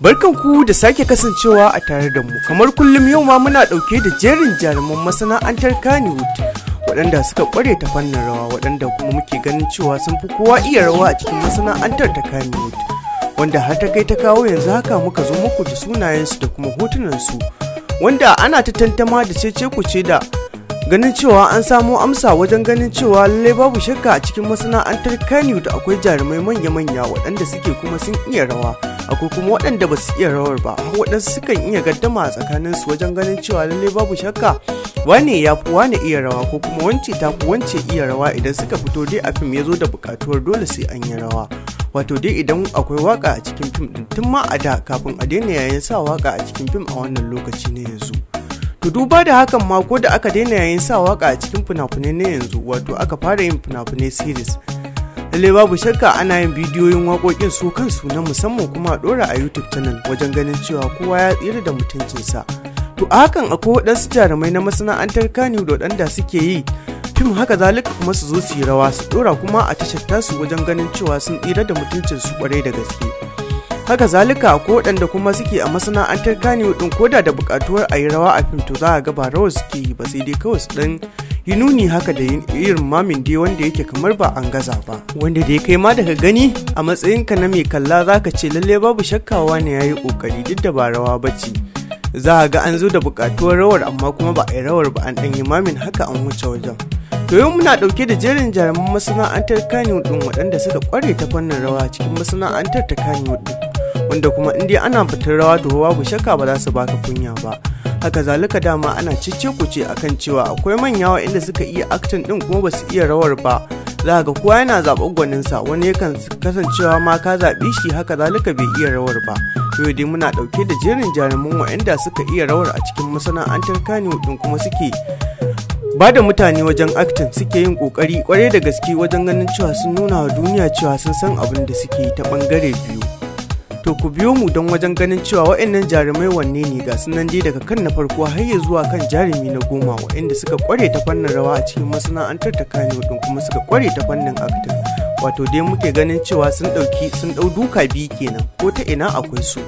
barkan ku da sake kasancewa a tare da mu kamar kullum yau ma muna dauke da jerin jaruman masana'antar Kannywood waɗanda suka kware ta fannin rawa waɗanda kuma muke ganin cewa sun fi kowa iya rawa a cikin masana'antar ta Kannywood wanda har ta kai ta kawo yanzu haka muka zo muku da sunayensu da kuma hotunansu wanda ana ta tantama da cece ce da ganin cewa an samo amsa wajen ganin cewa lallai babu shakka a cikin masana'antar kaniyu akwai jarumai manya-manya waɗanda suke kuma sun iya rawa akwai kuma waɗanda ba su iya rawar ba waɗansu sukan iya gaddama tsakanin su wajen ganin cewa lallai babu shakka wane ya fi wane iya rawa ko kuma wance ta fi wance iya rawa idan suka fito dai a fim ya zo da buƙatuwar dole sai an yi rawa wato dai idan akwai waka a cikin fim din tun ma a da kafin a daina yayin sa waka a cikin fim a wannan lokaci na yanzu to duba da hakan ma ko da aka daina yayin sa waka a cikin fina-finai na yanzu wato aka fara yin fina-finai series lalle babu shakka ana yin bidiyoyin wakokin su kansu na musamman kuma a ɗora a youtube channel wajen ganin cewa kowa ya tsira da mutuncinsa to a hakan akwai waɗansu jarumai na masana'antar kanu da waɗanda suke yi fim haka zalika kuma su zo su yi rawa su ɗora kuma a tashar tasu wajen ganin cewa sun tsira da mutuncinsu kwarai da gaske haka zalika akwai waɗanda kuma suke a masana'antar kanu ɗin koda da buƙatuwar a yi rawa a fim to za a ga ba rawar suke yi ba sai dai kawai su ɗan yi nuni haka da yin irin mamin dai wanda yake kamar ba an gaza ba wanda da ya kai ma daga gani a matsayin ka na mai kalla zaka ce lalle babu shakkawa ne yayi kokari duk da ba rawa bace za a ga an zo da bukatuwar rawar amma kuma ba a yi rawar ba an ɗan yi mamin haka an wuce wajen to yau muna ɗauke da jerin jaruman masana'antar kanyo din waɗanda suka kware ta fannin rawa cikin masana'antar ta kanyo din wanda kuma in dai ana fitar rawa to babu shakka ba za su baka kunya ba haka zalika dama ana cece a akan cewa akwai manya waɗanda suka iya aktin din kuma basu iya rawar ba za ga kowa yana gwanin sa wani yakan kasancewa ma ka zaɓi shi haka zalika bai iya rawar ba yau dai muna ɗauke da jerin jaruman waɗanda suka iya rawar a cikin masana'antar kani din kuma suke ba da mutane wajen aktin suke yin kokari kwarai da gaske wajen ganin cewa sun nuna wa duniya cewa sun san abin da suke yi ta bangare biyu to ku biyo mu don wajen ganin cewa waɗannan jarumai wanne ne ga sunan dai daga kan na farko har ya zuwa kan jarumi na goma wa'anda suka kware ta fannin rawa a cikin masana'antar ta kano din kuma suka kware ta fannin acting wato dai muke ganin cewa sun ɗauki sun ɗau duka biyu kenan ko ta ina akwai su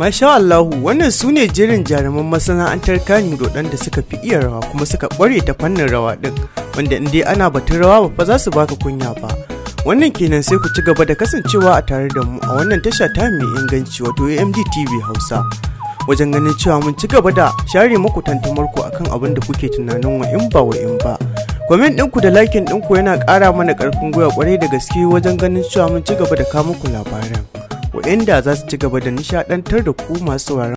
Masha Allahu wannan su ne jerin jaruman masana'antar Kano da suka fi iya rawa kuma suka ƙware ta fannin rawa ɗin wanda in dai ana batun rawa ba fa za su baka kunya ba. Wannan kenan sai ku ci gaba da kasancewa a tare da mu a wannan tasha ta mai inganci wato AMD Hausa. Wajen ganin cewa mun ci gaba da share muku tantamarku akan abin da kuke tunanin wa in ba wa in ba. Komen ɗinku da lakin ɗinku yana ƙara mana ƙarfin gwiwa ƙwarai da gaske wajen ganin cewa mun ci gaba da kawo muku labaran. waɗanda za su ci gaba da nishaɗantar da ku masu sauraron